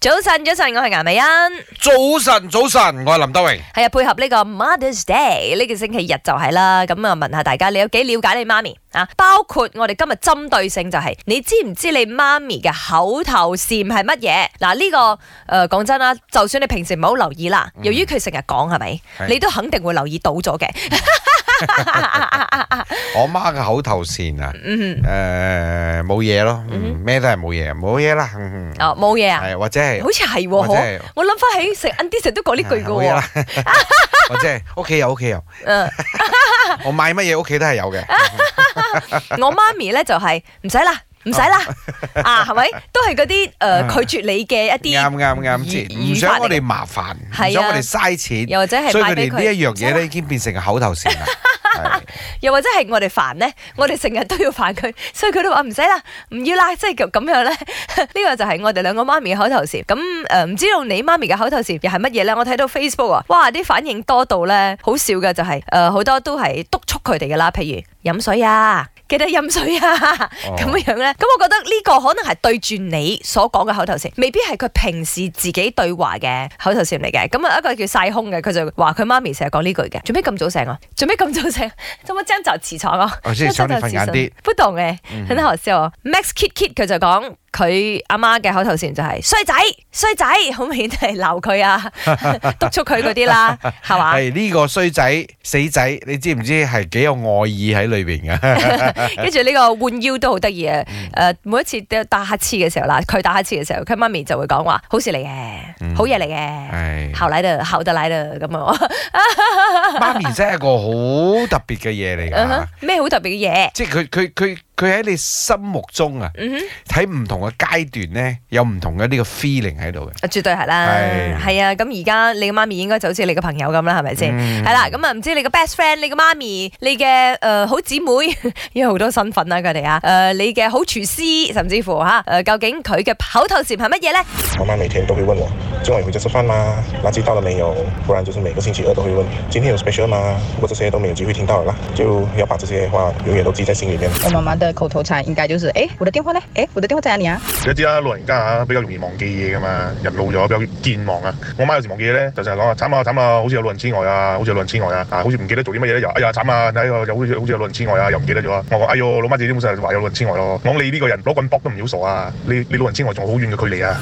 早晨，早晨，我係顏美恩。早晨，早晨，我係林德榮。係啊，配合呢個 Mother's Day，呢個星期日就係啦。咁啊，問下大家你有幾了解你媽咪啊？包括我哋今日針對性就係、是，你知唔知你媽咪嘅口頭禪係乜嘢？嗱、啊，呢、這個誒，講、呃、真啦，就算你平時唔好留意啦，由於佢成日講係咪，嗯、吧你都肯定會留意到咗嘅。嗯 我媽嘅口頭禪啊，誒，冇嘢咯，咩都係冇嘢，冇嘢啦。冇嘢啊，係或者係，好似係，我諗翻起食啱啲食都講呢句嘅。冇嘢啦，或者屋企有屋企有。我買乜嘢屋企都係有嘅。我媽咪咧就係唔使啦，唔使啦，啊，係咪都係嗰啲誒拒絕你嘅一啲，啱啱啱，唔想我哋麻煩，唔想我哋嘥錢，又或者係，所以佢哋呢一樣嘢咧已經變成口頭禪啦。 又或者係我哋煩呢，我哋成日都要煩佢，所以佢都話唔使啦，唔要啦，即係咁樣呢。呢 個就係我哋兩個媽咪嘅口頭禪。咁誒，唔、呃、知道你媽咪嘅口頭禪又係乜嘢呢？我睇到 Facebook 啊，哇，啲反應多到呢，好笑嘅就係、是、誒，好、呃、多都係督促佢哋嘅啦，譬如飲水啊。記得飲水啊？咁樣咧，咁、oh. 嗯，我覺得呢個可能係對住你所講嘅口頭禪，未必係佢平時自己對話嘅口頭禪嚟嘅。咁啊，一個叫曬胸嘅，佢就話佢媽咪成日講呢句嘅，做咩咁早醒啊？做咩咁早醒？做乜將就遲床啊？我先上啲瞓晏啲，不同嘅，很好笑。Max Kit Kit 佢就講。佢阿媽嘅口頭禪就係衰仔衰仔，好明顯係鬧佢啊，督促佢嗰啲啦，係嘛 吧？係呢、這個衰仔死仔，你知唔知係幾有愛意喺裏邊嘅？跟住呢個換腰都好得意啊！誒、嗯，每一次打乞嗤嘅時候啦，佢打乞嗤嘅時候，佢媽咪就會講話：好事嚟嘅，好嘢嚟嘅，后奶度后度奶度咁啊！媽咪真係一個好特別嘅嘢嚟噶，咩好特別嘅嘢？即係佢佢佢。佢喺你心目中啊，喺唔、mm hmm. 同嘅階段咧，有唔同嘅呢個 feeling 喺度嘅。唉啊，絕對係啦。係啊，咁而家你嘅媽咪應該就好似你嘅朋友咁啦，係咪先？係啦、嗯，咁啊，唔、嗯、知道你嘅 best friend、你嘅媽咪、你嘅誒、呃、好姊妹，因為好多身份啊。佢哋啊，誒、呃、你嘅好廚師，甚至乎嚇誒、啊，究竟佢嘅口頭禪係乜嘢咧？我媽每天都會問我：中午回家食飯嗎？垃圾倒了沒有？不然就是每個星期二都會問：今天有 special 嗎？不過這些都沒有機會聽到啦，就要把這些話永遠都記在心裏邊。嗯嗯。口頭禪應該就是，誒、欸，我的電話咧，誒、欸，我的電話在哪裏啊？你知啦、啊，老人家啊，比較容易忘記嘢噶嘛，人老咗比較健忘啊。我媽有時忘記嘢咧，就成日講啊，慘啊慘啊，好似有老人痴呆啊，好似有老人痴呆啊，啊，好似唔記得做啲乜嘢咧，又哎呀慘啊，睇下又好似好似有老人痴呆啊，又唔記得咗啊。我講，哎呦，老媽自己本事，話有老人痴呆咯。我講你呢個人攞棍搏都唔曉傻啊，你你老人痴呆仲好遠嘅距離啊。